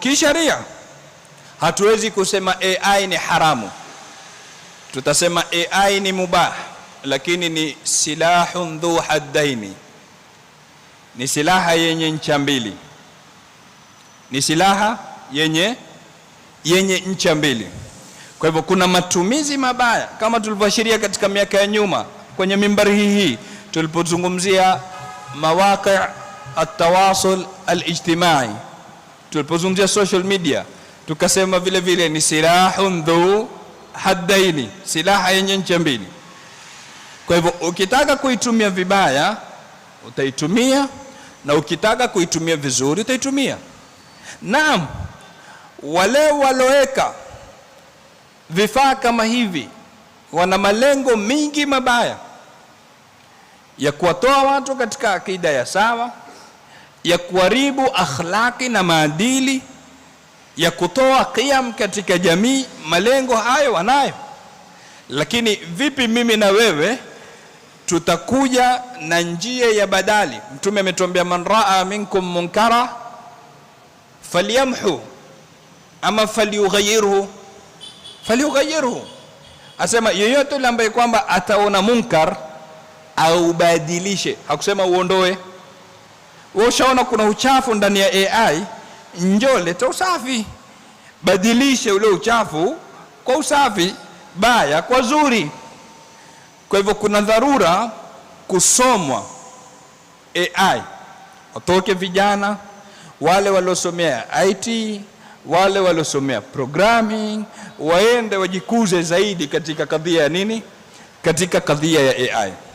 Kisheria hatuwezi kusema AI ni haramu, tutasema AI ni mubah, lakini ni silahun dhu haddaini, ni silaha yenye ncha mbili, ni silaha yenye yenye ncha mbili. Kwa hivyo kuna matumizi mabaya kama tulivyoashiria katika miaka ya nyuma kwenye mimbari hii hii tulipozungumzia mawaqi atawasul alijtimai tulipozungumzia social media tukasema vile vile ni silahun dhu haddaini, silaha yenye ncha mbili. Kwa hivyo ukitaka kuitumia vibaya utaitumia, na ukitaka kuitumia vizuri utaitumia. Naam, wale waloweka vifaa kama hivi wana malengo mingi mabaya ya kuwatoa watu katika akida ya sawa ya kuharibu akhlaki na maadili ya kutoa qiyam katika jamii. Malengo hayo wanayo, lakini vipi mimi na wewe tutakuja na njia ya badali? Mtume ametuambia, man raa minkum munkara falyamhu ama falyughayyirhu, falyughayyirhu, asema yeyote yule ambaye kwamba ataona munkar aubadilishe, hakusema uondoe wewe ushaona kuna uchafu ndani ya AI, njoo leta usafi, badilishe ule uchafu kwa usafi, baya kwa zuri. Kwa hivyo kuna dharura kusomwa AI, watoke vijana wale waliosomea IT, wale waliosomea programming, waende wajikuze zaidi katika kadhia ya nini, katika kadhia ya AI.